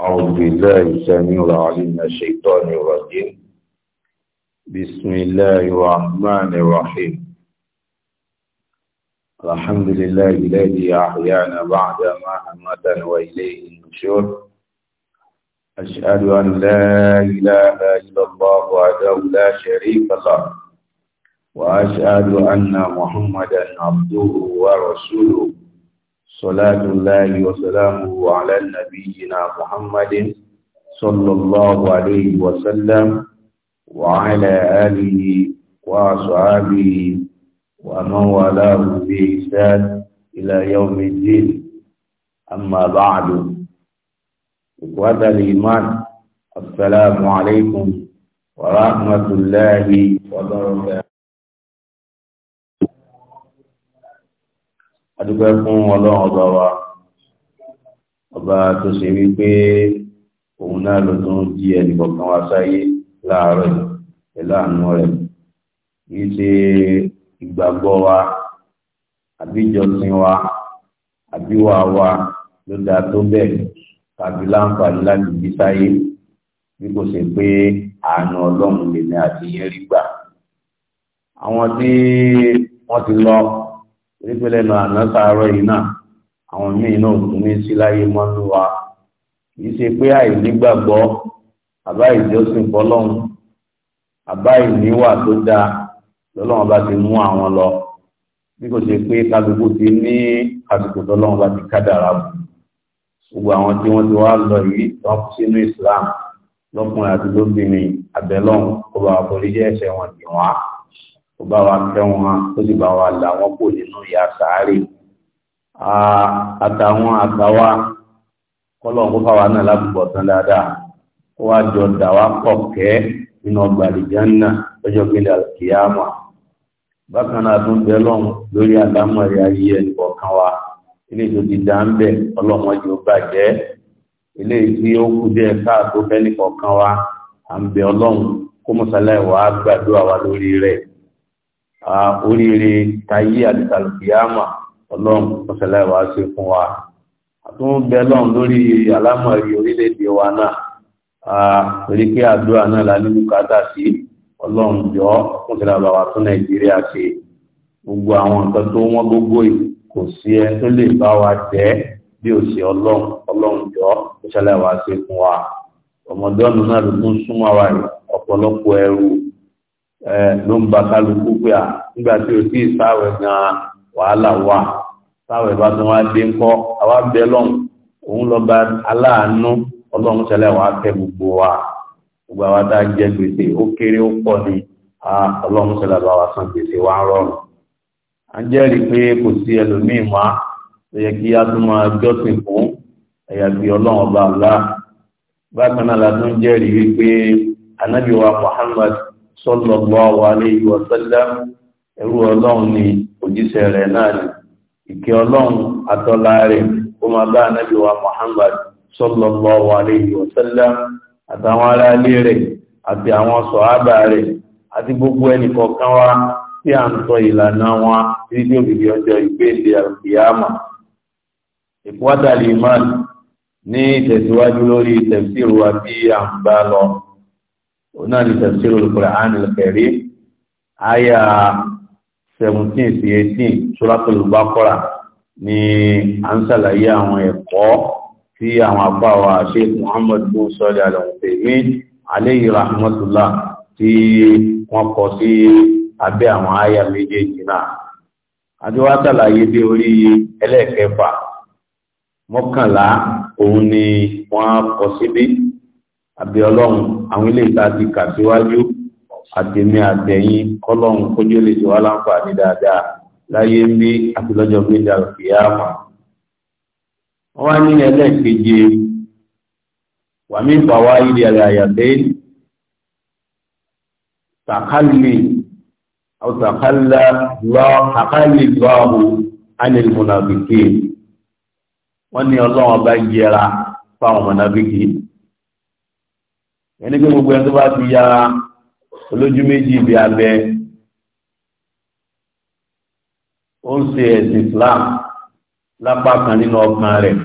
أعوذ بالله السميع العليم من الشيطان الرجيم بسم الله الرحمن الرحيم الحمد لله الذي أحيانا بعد ما أماتنا وإليه النشور أشهد أن لا إله إلا الله وحده لا شريك له وأشهد أن محمدا عبده ورسوله صلاة الله وسلامه على نبينا محمد صلى الله عليه وسلم وعلى آله وأصحابه ومن والاه بإحسان إلى يوم الدين أما بعد إخوة الإيمان السلام عليكم ورحمة الله وبركاته adúpẹ́ fún ọlọ́run ọba wa ọba tó ṣe wípé òun náà ló tún di ẹnìkọ̀ọ̀kan wá sáyé láàárọ̀ pẹ̀lú àánú rẹ̀ kì í ṣe ìgbàgbọ́ wa àbíjọsìn wa àbíwá wa ló dáa tó bẹ́ẹ̀ tàbí láǹfààní láti bí sáyé bí kò ṣe pé àánú ọlọ́run lèmi àti yẹn rí gbà àwọn tí wọ́n ti lọ orípẹ́lẹ́ lọ àná sàárọ̀ yìí náà àwọn míì náà tún ní sí láyé mọ́nú wa kìí ṣe pé àìnígbàgbọ́ àbá ìjọsìn fọlọ́run àbá ìníwà tó dáa lọ́lọ́run bá ti mú àwọn lọ bí kò ṣe pé kálukú ti ní àsìkò tọ́lọ́run bá ti kádàrà bù gbogbo àwọn tí wọ́n ti wá lọ yìí wọ́n kú sínú Islam lọ́kùnrin àti lóbìnrin àbẹ́lọ́run kó bá forí jẹ́ ẹ̀ṣẹ̀ wọn dì wọ́n á ó bá wa kẹ́ wọn ó sì bá wa là wọn kò nínú ìyà sàárè àtàwọn àgbáwá kọ́lọ́n kó fáwa náà lábùbọ̀ tán dáadáa kó wá jọ dà wá pọ̀ kẹ́ nínú ọgbà àlìjánná lọ́jọ́ gbélé àkìyàmà bákan náà tún bẹ lọ́hùn lórí àdámọ̀ rẹ̀ ayé ẹnì kọ̀ọ̀kan wa ilé tó ti dá ń bẹ̀ ọlọ́mọ jù ó bàjẹ́ ilé tí ó kú díẹ̀ káàtó fẹ́ nìkọ̀ọ̀kan wa à ń bẹ ọlọ́run kó mọ̀sálẹ̀ wàá gbàdúrà wa lórí rẹ̀ oríire tayé àdìsàlùkìyàmà ọlọ́run mọ́sálà ìwà ṣe fún wa àtún bẹ lọ́run lórí alámọ̀rí orílẹ̀-èdè wa náà torí pé àdúrà náà la ní bùkátà sí ọlọ́run jọ mọ́sálà bá wa tún nàìjíríà ṣe gbogbo àwọn nǹkan tó wọ́n gbogbo yìí kò sí ẹ tó lè bá wa jẹ́ bí ò sí ọlọ́run ọlọ́run jọ mọ́sálà ìwà ṣe fún wa ọmọdé ọ̀nà náà ló tún súnmọ́ wa ọ̀pọ̀lọpọ̀ ẹrù ló ń ba kálukú pé à nígbà tí o tí sáwẹ̀ gan wàhálà wà sáwẹ̀ bá tún wá dé ńkọ́ àwa bẹ lọ́hùn òun lọ bá aláàánú ọlọ́run tẹ́lẹ̀ wàá kẹ́ gbogbo wa gbogbo àwa tá a jẹ gbèsè ó kéré ó pọ̀ ni ọlọ́run tẹ́lẹ̀ bá wa san gbèsè wa rọrùn a jẹ́rìí pé kò sí ẹlòmíì má tó yẹ kí a tún máa jọ́sìn fún ẹ̀yà bíi ọlọ́run ọba àlá bákan náà la tún jẹ́rìí wípé anábìwa Muhammad sallallahu alayhi wa sallam ẹrú ọlọ́run ni òjíṣẹ́ rẹ̀ náà ni ìkẹ́ ọlọ́run àtọ́lá rẹ̀ kó máa bá anábì wa Muhammad sallallahu alayhi wa sallam àtàwọn ará ilé rẹ̀ àti àwọn sọ̀hábà rẹ̀ àti gbogbo ẹnì wa tí à ń sọ ìlànà wọn títí òbíbi ọjọ́ ìgbéǹde àlùkìyàmà ìpọ́dàlì imán ní ìtẹ̀síwájú lórí tẹ̀síìrù wa bí à ń bá lọ òun náà القرآن الكريم Qur'anil Karim àyà seventeen sí eighteen suratul Baqara ni à ń ṣàlàyé àwọn ẹ̀kọ́ tí àwọn àbáwà Sheikh Muhammad bin Salih Al-Uthaymeen alayhi rahmatullah tí wọ́n kọ sí abẹ́ àwọn àyà méjèèjì náà àti wá ṣàlàyé dé orí ẹlẹ́ẹ̀kẹfà mọ́kànlá òun ni wọ́n kọ síbí àbí ọlọ́run àwọn ilé ìta ti kà síwájú àtẹ̀mí àtẹ̀yìn kọ́lọ́run kójú lè ṣe wá láǹfààní dáadáa láyé ń bí àti lọ́jọ́ gbéjà kìyàmà. wọ́n wá ní ẹlẹ́ẹ̀keje wàmí fàwa ilé àyàfẹ́ tàkàlì أو تخلى الله تخلي الله عن المنافقين wọ́n ní ọlọ́run ọba yẹra fáwọn mọ̀nàbíkì ẹni pé gbogbo ẹni tó bá ti ya olójú méjì ibi abẹ ó ń ṣe ẹ̀sìn Islam lápá kan nínú ọkàn rẹ̀.